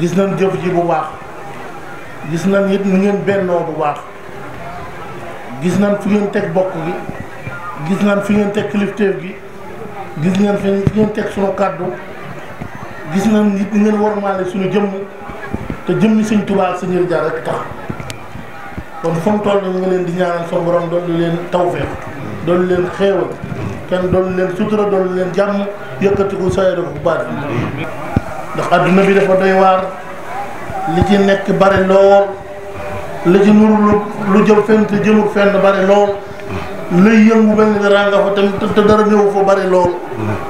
gis nañ jëf ji bu waax gis nañ it nu ngeen bennoo bu baax gis nañ fi ngeen teg bokk gi gis nan fi ngeen teg kilifteef gi gis nañ fi ngeen teg sunu kàddu gis nañ it ngeen wormaale suñu jëmm te jëmmi sëñ Tuubaa ak sëñ jaar rek tax kon fu mu toll ñu ngi leen di ñaanal sama borom dolli leen tawfeex dolli leen xéewal kenn dolli leen sutura dolli leen jàmm yëkkati ko sooy def bu ndax adduna bi dafa doy waar li ci nekk bari lool li ci nuru lu jëm fenn te jëmul fenn bari loo luy yëngu mel ni dara nga fa tam te dara ñëw fa bari loo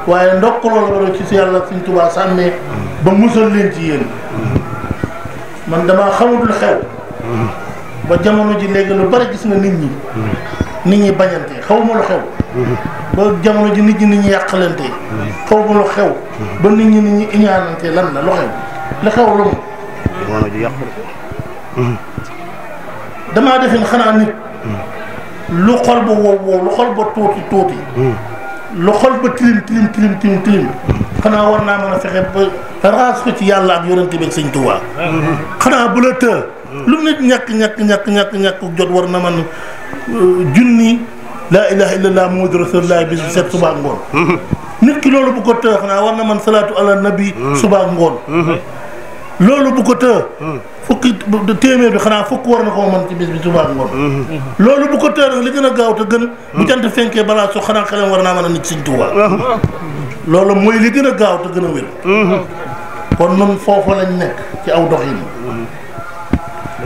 waaye ndokk loolu ba doon ci si yàlla suñ tubaa sàmmee ba musal leen ci yéen man damaa xamatul xew ba jamono ji léegi lu bari gis nga nit ñi nit ñi bañante xaw ma lu xew. ba jamono ji nit ñi nit ñi yàqalante. xaw ma lu xew. ba nit ñi nit ñi iñaanante lan la lu xew lu xew lu mu. jamono ji yàqu damaa defe ne xanaa nit. lu xol ba wow wow lu xol ba tuuti tuuti. lu xol ba tilim tilim tilim tilim tilim. xanaa war naa mën a fexe ba raas ko ci yàlla ak yonent bi ak sëñ Tuubaa. xanaa bu la të. lu nit ñàkk ñàkk ñàkk ñàkk ñàkk jot war na man euh, junni laa ilaha illallah muhammadu rasulullah bi set subaa ngoon nit ki loolu bu ko tëx naa war na man salaatu ala nabi subaa ngoon loolu bu ko tëx fukki téeméer bi xanaa bi subaa ngoon loolu bu ko tëx nag li gën a gaaw te gën bu jant fenkee balaa so xanaa xelam war naa mën a nit Sëñ Tuubaa loolu mooy li gën a gaaw te gën a wér mmh. kon nun foofu lañ nekk ci aw dox yi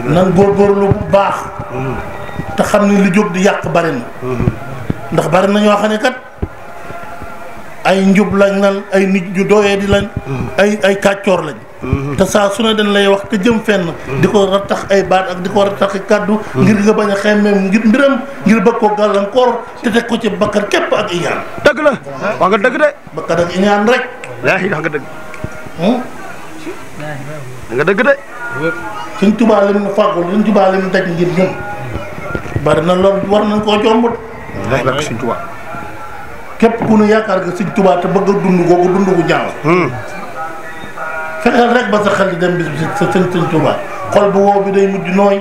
nan góorgóorlu bu baax mm-hmm. te xam ni lu jóg di yàq bari na mm-hmm. ndax bari na ñoo xam ne kat ay njub lañ na ay nit yu doyee di lañ mm-hmm. ay ay kàccoor lañ te saa su ne dañ lay wax te jëm fenn di ko rattax ay baat ak di ko rattax kàddu ngir nga bañ a xemmeem ngir mbiram ngir bëgg ko gàllankoor te teg ko ci bakkar képp ak iñaan dëgg la wax nga dëgg de bakkar ak iñaan rek laahi wax nga dëgg hmm? nga dëgg de suñ tubaa lim nu fàggul suñ tubaa lim nu daj ngir ñun bari na lool war nañ koo jombut suñ tubaa képp ku nu yaakaar nga suñ tubaa te bëgg a dund googu dund gu ñaaw hmm. fexeel rek ba sa xel di dem bis bu set sëñ sëñ tubaa xol bu day mujj nooy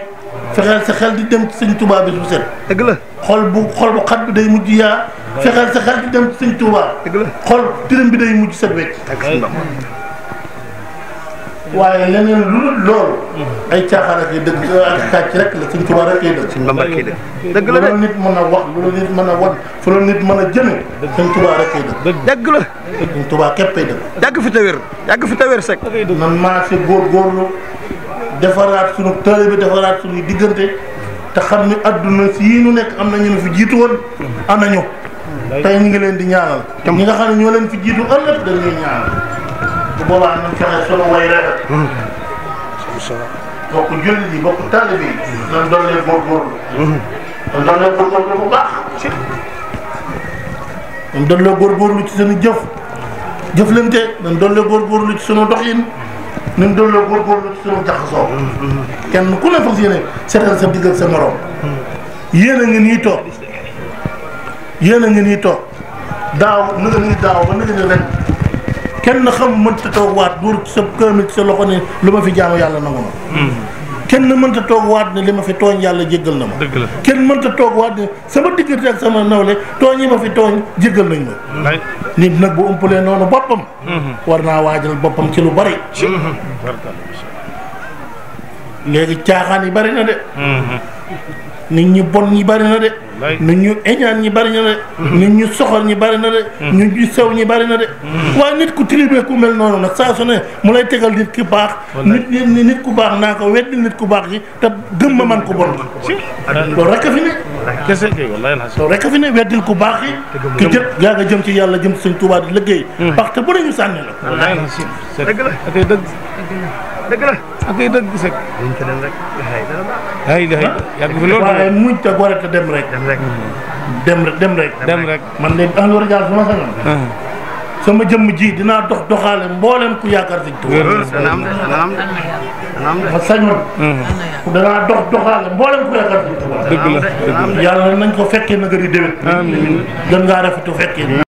fexeel sa xel di dem ci sëñ tubaa bis bu set dëgg la xol bu xol bu xat bi day mujj yaa fexeel sa xel di dem ci sëñ tubaa dëgg la xol tirim bi day mujj set wecc waaye leneen lu dul loolu. ay caaxaan ak dëgg ak kàcc rek la suñ tubaab rek lay dëgg. suñ bambara kii dëgg. dëgg la de loolu nit mën a wax loolu nit mën a wan fu loolu nit mën a jëme. dëgg suñ tubaab rek lay dëgg. dëgg la. suñ tubaab képp ay dëgg. yàgg fi tawér yàgg fi tawér sek. nan maa si góorgóorlu defaraat suñu tële bi defaraat suñu diggante te xam ni adduna si yii ñu nekk am na ñu ne fi jiitu woon. am na ñu. tey ñu ngi leen di ñaanal. ñi nga xam ne ñoo leen fi jiitu ëllëg dañ ñuy ñaanal bu boobaa nañ fexe sunu way hmm. bokk jullit bokk taalibe yi. nañ doon leen góorgóorlu. Hmm. nañ ci seen jëf. jëflante nañ doon leen góorgóorlu ci sunu doxin. nañ doon leen góorgóorlu ci sunu jaxasoo. Hmm. kenn ku ne fas yéene seetal sa digg sa morom. yéen a ngi nii yéen a ngi nii toog daaw na nga nii daaw ba na nga nii ren. kenn xam mënta toog waat duur sa kaamil sa loxo ne lu ma fi jaamu yàlla nangu na hmm. kenn mënta toog waat ne li ma fi tooñ yàlla jéggal na ma kenn mënta toog waat ne sama diggante ak sama nawle tooñ yi ma fi tooñ jéggal nañ ma nit nag bu umpalee noonu boppam hmm. war naa waajal boppam ci lu bari hmm. léegi caaxaan yi bari na de nit ñu bon ñi bari na de nit ñu eñaan ñi bari na de nit ñu soxor ñi bari na de mm. nit ñu sew ñi bari na de mm. waaye nit ku tribe ku mel noonu nag saa su ne mu lay tegal nit ki baax nit nit ku baax naa ko weddi nit ku baax yi te gëm ma man ku bon loolu rekk fi ne loolu rekk fi ne weddil ku baax yi ki jëm yaa nga jëm ci yàlla jëm ci Sëñ Tuubaa di liggéey mm. parce que bu dañu sànni la dëgg la dëgg la ak ay dëgg sëg dañ ko waaye muñ te gore te dem rek. dem rek man de en tout cas sama sañoon. Ah. sama jëmm ji dinaa dox doxaale mboolem ku yaakaar si. dana de de dana am de ma sañoon. Ah. danaa dox doxaale mboolem ku yaakaar si. dëgg la dëgg la yàlla nañ ko fekkee nagari déwén. amiin gën ngaa rafetlu fekkee.